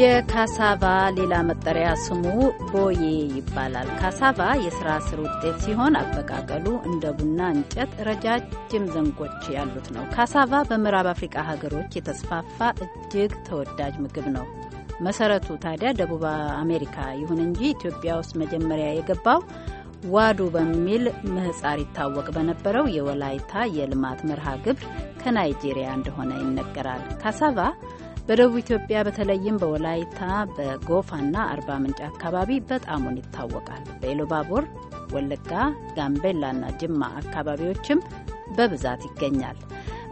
የካሳቫ ሌላ መጠሪያ ስሙ ቦዬ ይባላል። ካሳቫ የስራ ስር ውጤት ሲሆን አበቃቀሉ እንደ ቡና እንጨት ረጃጅም ዘንጎች ያሉት ነው። ካሳቫ በምዕራብ አፍሪቃ ሀገሮች የተስፋፋ እጅግ ተወዳጅ ምግብ ነው። መሰረቱ ታዲያ ደቡብ አሜሪካ ይሁን እንጂ ኢትዮጵያ ውስጥ መጀመሪያ የገባው ዋዱ በሚል ምህጻር ይታወቅ በነበረው የወላይታ የልማት መርሃ ግብር ከናይጄሪያ እንደሆነ ይነገራል። ካሳቫ በደቡብ ኢትዮጵያ በተለይም በወላይታ በጎፋና አርባ ምንጭ አካባቢ በጣሙን ይታወቃል። ባቡር ወለጋ፣ ጋምቤላና ጅማ አካባቢዎችም በብዛት ይገኛል።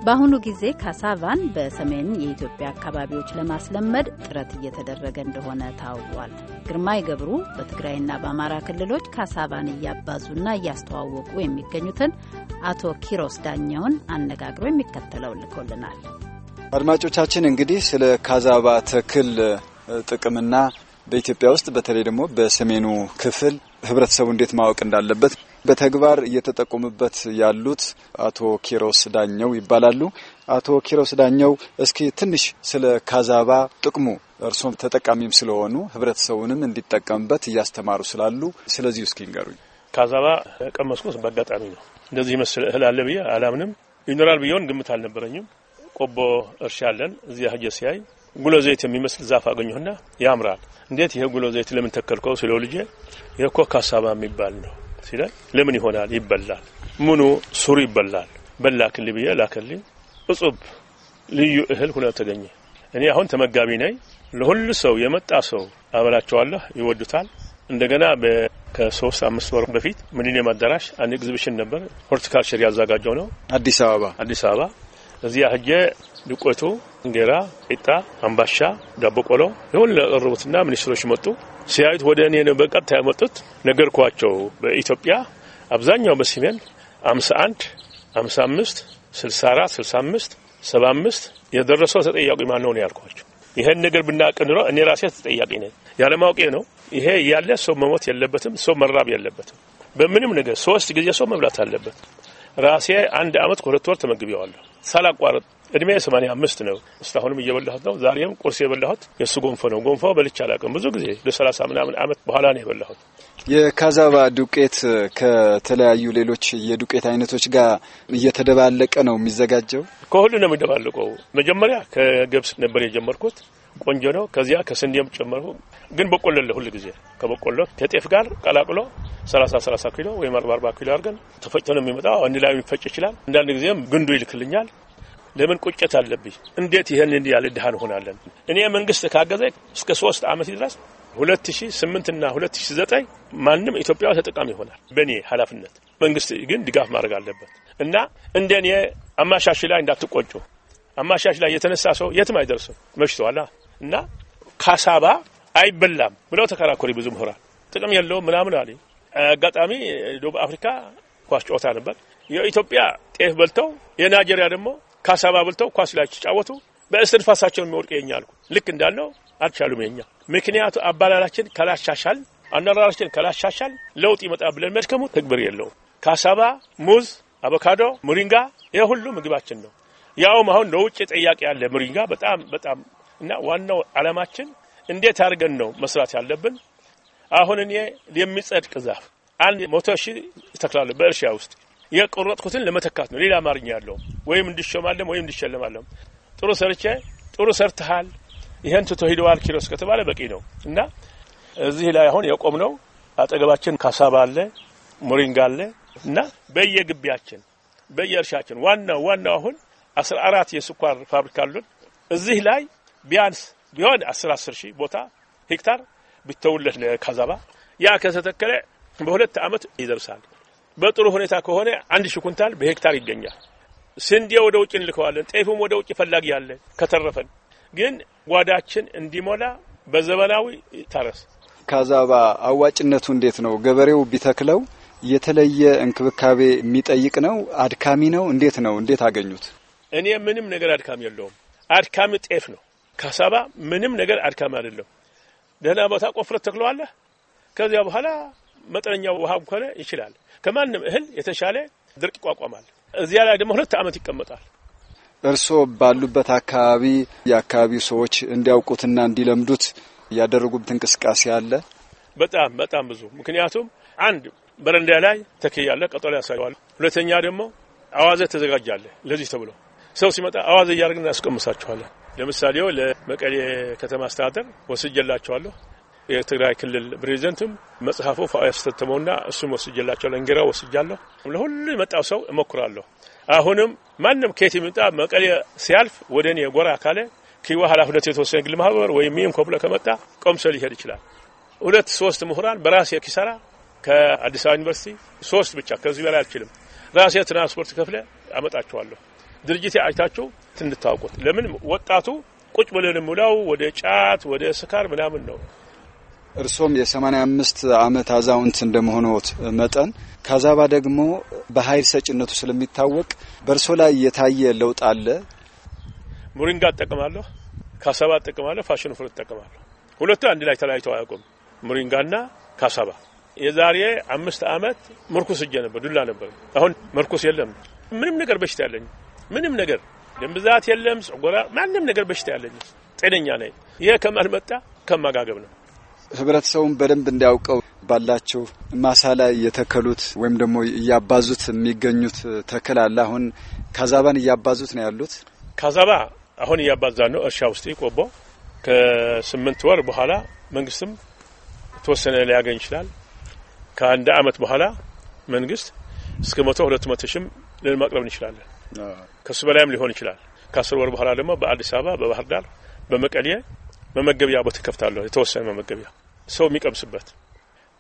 በአሁኑ ጊዜ ካሳቫን በሰሜን የኢትዮጵያ አካባቢዎች ለማስለመድ ጥረት እየተደረገ እንደሆነ ታውቋል። ግርማይ ገብሩ በትግራይና በአማራ ክልሎች ካሳቫን እያባዙና እያስተዋወቁ የሚገኙትን አቶ ኪሮስ ዳኛውን አነጋግሮ የሚከተለው ልኮልናል። አድማጮቻችን እንግዲህ ስለ ካዛባ ተክል ጥቅምና በኢትዮጵያ ውስጥ በተለይ ደግሞ በሰሜኑ ክፍል ህብረተሰቡ እንዴት ማወቅ እንዳለበት በተግባር እየተጠቆሙበት ያሉት አቶ ኪሮስ ዳኘው ይባላሉ። አቶ ኪሮስ ዳኘው እስኪ ትንሽ ስለ ካዛባ ጥቅሙ እርሶም ተጠቃሚም ስለሆኑ ህብረተሰቡንም እንዲጠቀምበት እያስተማሩ ስላሉ ስለዚህ እስኪ ንገሩኝ። ካዛባ ቀመስኩት በአጋጣሚ ነው። እንደዚህ መስል እህል አለ ብዬ አላምንም። ይኖራል ብየውን ግምት አልነበረኝም። ቆቦ እርሻ አለን። እዚያ ሀጀ ሲያይ ጉሎ ዘይት የሚመስል ዛፍ አገኘሁና ያምራል። እንዴት ይሄ ጉሎ ዘይት ለምን ተከልከው ስለው ልጄ ይሄ እኮ ካሳባ የሚባል ነው ሲለኝ፣ ለምን ይሆናል ይበላል፣ ምኑ ሱሩ ይበላል፣ በላክል ብዬ ላከልኝ። እጹብ ልዩ እህል ሁነ ተገኘ። እኔ አሁን ተመጋቢ ነኝ። ለሁሉ ሰው የመጣ ሰው አበላቸዋለሁ፣ ይወዱታል። እንደገና ከሶስት አምስት ወር በፊት ሚሊኒየም አዳራሽ አንድ ኤግዚቢሽን ነበር። ሆርቲካልቸር ያዘጋጀው ነው አዲስ አበባ አዲስ አበባ እዚያ ህጀ ድቆቱ እንጌራ፣ ቂጣ፣ አምባሻ፣ ዳቦ ቆሎ ይሁን ለቀረቡትና ሚኒስትሮች መጡ። ሲያዩት ወደ እኔ ነው በቀጥታ ያመጡት። ነገርኳቸው። በኢትዮጵያ አብዛኛው በሲሜን 51፣ 55፣ 64፣ 65፣ 75 የደረሰው ተጠያቂ ማን ነው ያልኳቸው። ይሄን ነገር ብናውቅ ኑሮ እኔ ራሴ ተጠያቂ ነኝ። ያለማወቄ ነው። ይሄ ያለ ሰው መሞት የለበትም። ሰው መራብ የለበትም። በምንም ነገር ሶስት ጊዜ ሰው መብላት አለበት። ራሴ አንድ አመት ከሁለት ወር ተመግቢዋለሁ። ሳላቋረጥ እድሜ ሰማንያ አምስት ነው። እስካሁንም እየበላሁት ነው። ዛሬም ቁርስ የበላሁት የእሱ ጎንፎ ነው። ጎንፎ በልቼ አላውቅም። ብዙ ጊዜ ለሰላሳ ምናምን አመት በኋላ ነው የበላሁት። የካዛባ ዱቄት ከተለያዩ ሌሎች የዱቄት አይነቶች ጋር እየተደባለቀ ነው የሚዘጋጀው። ከሁሉ ነው የሚደባለቀው። መጀመሪያ ከገብስ ነበር የጀመርኩት። ቆንጆ ነው። ከዚያ ከስንዴም ጨመርኩ፣ ግን በቆሎ አለ ሁል ጊዜ ከበቆሎ ከጤፍ ጋር ቀላቅሎ 30 30 ኪሎ ወይም 40 40 ኪሎ አድርገን ተፈጭቶ ነው የሚመጣው። አንድ ላይ ሊፈጭ ይችላል። አንዳንድ ጊዜም ግንዱ ይልክልኛል። ለምን ቁጭት አለብኝ? እንዴት ይህን እንዲህ ያለ ድሃ እንሆናለን? እኔ መንግስት ካገዘ እስከ ሶስት ዓመት ድረስ 2008 እና 2009 ማንም ኢትዮጵያ ተጠቃሚ ይሆናል። በእኔ ኃላፊነት መንግስት ግን ድጋፍ ማድረግ አለበት እና እንደ እኔ አማሻሽ ላይ እንዳትቆጩ። አማሻሽ ላይ የተነሳ ሰው የትም አይደርስም። መሽተዋላ እና ካሳባ አይበላም ብለው ተከራከሩ። ብዙ ምሁራን ጥቅም የለውም ምናምን አለ። አጋጣሚ ደቡብ አፍሪካ ኳስ ጨዋታ ነበር። የኢትዮጵያ ጤፍ በልተው የናይጄሪያ ደግሞ ካሳባ በልተው ኳስ ላይ ሲጫወቱ በእስትንፋሳቸው የሚወድቅ የኛ አልኩ። ልክ እንዳልነው አልቻሉም የኛ ምክንያቱ አባላላችን ካላሻሻል አነራራችን ከላሻሻል ለውጥ ይመጣ ብለን መድከሙ ትግብር የለውም። ካሳባ፣ ሙዝ፣ አቮካዶ፣ ሙሪንጋ የሁሉ ምግባችን ነው። ያውም አሁን ለውጭ ጥያቄ ያለ ሙሪንጋ በጣም በጣም እና ዋናው ዓላማችን እንዴት አድርገን ነው መስራት ያለብን። አሁን እኔ የሚጸድቅ ዛፍ አንድ መቶ ሺህ እተክላለሁ በእርሻ ውስጥ የቆረጥኩትን ለመተካት ነው። ሌላ አማርኛ ያለው ወይም እንድሾማለም ወይም እንድሸለማለም ጥሩ ሰርቼ ጥሩ ሰርተሃል ይሄን ትቶ ሂደዋል ኪሎስ ከተባለ በቂ ነው እና እዚህ ላይ አሁን የቆም ነው። አጠገባችን ካሳባ አለ፣ ሞሪንጋ አለ እና በየግቢያችን በየእርሻችን ዋናው ዋናው አሁን አስራ አራት የስኳር ፋብሪካ አሉን። እዚህ ላይ ቢያንስ ቢሆን 10 10 ሺህ ቦታ ሄክታር ቢተውለት ለከዘባ ያ ከተተከለ በሁለት ዓመት ይደርሳል። በጥሩ ሁኔታ ከሆነ አንድ ሺህ ኩንታል በሄክታር ይገኛል። ስንዴ ወደ ውጭ እንልከዋለን። ጤፉም ወደ ውጭ ፈላጊ ያለ ከተረፈን ግን ጓዳችን እንዲሞላ በዘመናዊ ታረስ። ካዛባ አዋጭነቱ እንዴት ነው? ገበሬው ቢተክለው የተለየ እንክብካቤ የሚጠይቅ ነው? አድካሚ ነው? እንዴት ነው? እንዴት አገኙት? እኔ ምንም ነገር አድካሚ የለውም። አድካሚ ጤፍ ነው። ካሳባ ምንም ነገር አድካም አይደለም። ደህና ቦታ ቆፍረት ተክለዋለህ። ከዚያ በኋላ መጠነኛ ውሃ ከሆነ ይችላል። ከማንም እህል የተሻለ ድርቅ ይቋቋማል። እዚያ ላይ ደግሞ ሁለት ዓመት ይቀመጣል። እርስዎ ባሉበት አካባቢ የአካባቢው ሰዎች እንዲያውቁትና እንዲለምዱት ያደረጉበት እንቅስቃሴ አለ? በጣም በጣም ብዙ። ምክንያቱም አንድ በረንዳ ላይ ተክያለ፣ ቀጠሎ ያሳየዋል። ሁለተኛ ደግሞ አዋዘ ተዘጋጃለ። ለዚህ ተብሎ ሰው ሲመጣ አዋዘ እያደረግን እናስቀምሳችኋለን። ለምሳሌው ለመቀሌ ከተማ አስተዳደር ወስጀላቸዋለሁ። የትግራይ ክልል ፕሬዚደንትም መጽሐፉ ያስተተመውና እሱም ወስጀላቸዋለሁ። እንግራ ወስጃለሁ። ለሁሉ የመጣው ሰው እሞክራለሁ። አሁንም ማንም ከየት የሚመጣ መቀሌ ሲያልፍ ወደ እኔ ጎራ ካለ ኪዋ ኃላፊነት የተወሰነ ግል ማህበር ወይም ይህም ኮብለ ከመጣ ቆምሰ ሊሄድ ይችላል። ሁለት ሶስት ምሁራን በራሴ ኪሰራ ከአዲስ አበባ ዩኒቨርሲቲ ሶስት ብቻ ከዚህ በላይ አልችልም። ራሴ ትራንስፖርት ከፍለ አመጣቸዋለሁ። ድርጅት አይታችሁ እንድታውቁት። ለምን ወጣቱ ቁጭ ብለን ሙላው ወደ ጫት ወደ ስካር ምናምን ነው። እርሶም የሰማንያ አምስት አመት አዛውንት እንደመሆነዎት መጠን ካዛባ ደግሞ በኃይል ሰጭነቱ ስለሚታወቅ በእርሶ ላይ የታየ ለውጥ አለ? ሙሪንጋ እጠቀማለሁ፣ ካሳባ እጠቀማለሁ፣ ፋሽን ፍሩት እጠቀማለሁ። ሁለቱ አንድ ላይ ተለያይተው አያውቁም። ሙሪንጋና ካሳባ የዛሬ አምስት አመት ምርኩስ እጄ ነበር፣ ዱላ ነበር። አሁን ምርኩስ የለም። ምንም ነገር በሽታ ያለኝ ምንም ነገር ደም ብዛት የለም፣ ጸጉራ ማንም ነገር በሽታ ያለኝ ጤነኛ ነኝ። ይሄ ከማልመጣ ከማጋገብ ነው። ህብረተሰቡን በደንብ እንዲያውቀው ባላቸው ማሳ ላይ የተከሉት ወይም ደግሞ እያባዙት የሚገኙት ተክል አለ። አሁን ካዛባን እያባዙት ነው ያሉት። ካዛባ አሁን እያባዛ ነው እርሻ ውስጥ ቆቦ ከስምንት ወር በኋላ መንግስትም ተወሰነ ሊያገኝ ይችላል። ከአንድ አመት በኋላ መንግስት እስከ መቶ ሁለት መቶ ሽም ልንማቅረብ እንችላለን። ከሱ በላይም ሊሆን ይችላል። ከአስር ወር በኋላ ደግሞ በአዲስ አበባ፣ በባህር ዳር፣ በመቀሌ መመገቢያ ቦታ ከፍታለሁ። የተወሰነ መመገቢያ ሰው የሚቀምስበት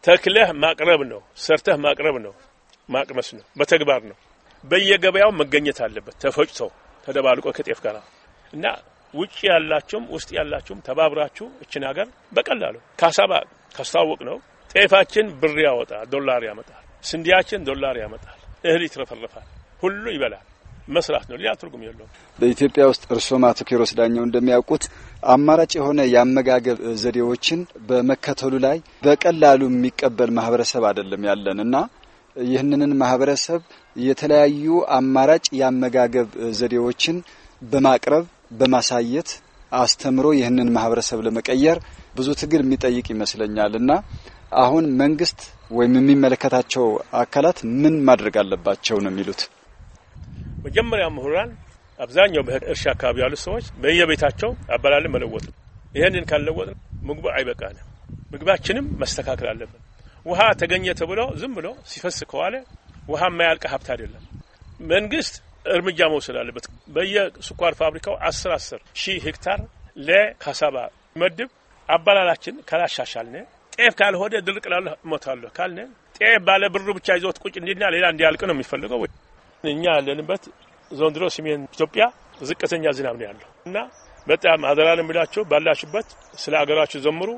ተክለህ ማቅረብ ነው። ሰርተህ ማቅረብ ነው። ማቅመስ ነው። በተግባር ነው። በየገበያው መገኘት አለበት። ተፈጭቶ ተደባልቆ ከጤፍ ጋር እና ውጭ ያላችሁም ውስጥ ያላችሁም ተባብራችሁ እችን ሀገር በቀላሉ ካሳባ ካስተዋወቅ ነው ጤፋችን ብር ያወጣል፣ ዶላር ያመጣል። ስንዴያችን ዶላር ያመጣል። እህል ይትረፈረፋል። ሁሉ ይበላል። መስራት ነው። ሌላ ትርጉም የለውም። በኢትዮጵያ ውስጥ እርስዎ አቶ ኪሮስ ዳኘው እንደሚያውቁት አማራጭ የሆነ የአመጋገብ ዘዴዎችን በመከተሉ ላይ በቀላሉ የሚቀበል ማህበረሰብ አይደለም ያለን እና ይህንን ማህበረሰብ የተለያዩ አማራጭ የአመጋገብ ዘዴዎችን በማቅረብ በማሳየት አስተምሮ ይህንን ማህበረሰብ ለመቀየር ብዙ ትግል የሚጠይቅ ይመስለኛል እና አሁን መንግስት ወይም የሚመለከታቸው አካላት ምን ማድረግ አለባቸው ነው የሚሉት? መጀመሪያ ምሁራን አብዛኛው በእርሻ አካባቢ ያሉ ሰዎች በየቤታቸው አበላልን መለወጥ ነው። ይህንን ካልለወጥ ምግቡ አይበቃንም። ምግባችንም መስተካከል አለብን። ውሃ ተገኘ ተብሎ ዝም ብሎ ሲፈስ ከዋለ ውሃ የማያልቅ ሀብት አይደለም። መንግስት እርምጃ መውሰድ አለበት። በየስኳር ፋብሪካው አስር አስር ሺህ ሄክታር ለካሳባ መድብ አባላላችን ካላሻሻልነ ጤፍ ካልሆነ ድርቅ ላለ እሞታለሁ ካልነ ጤፍ ባለ ብሩ ብቻ ይዞት ቁጭ እንዲና ሌላ እንዲያልቅ ነው የሚፈልገው። እኛ ያለንበት ዘንድሮ ሰሜን ኢትዮጵያ ዝቅተኛ ዝናብ ነው ያለው እና በጣም አደራ ነው የሚላቸው። ባላችሁበት ስለ አገራችሁ ዘምሩ፣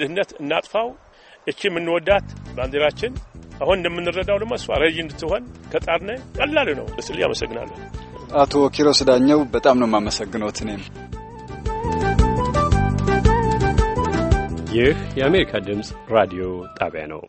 ድህነት እናጥፋው። እቺ የምንወዳት ባንዲራችን አሁን እንደምንረዳው ደግሞ እሷ ረዥም እንድትሆን ከጣርነ ቀላል ነው። ስል አመሰግናለሁ። አቶ ኪሮስ ዳኘው በጣም ነው የማመሰግነውት። እኔም ይህ የአሜሪካ ድምፅ ራዲዮ ጣቢያ ነው።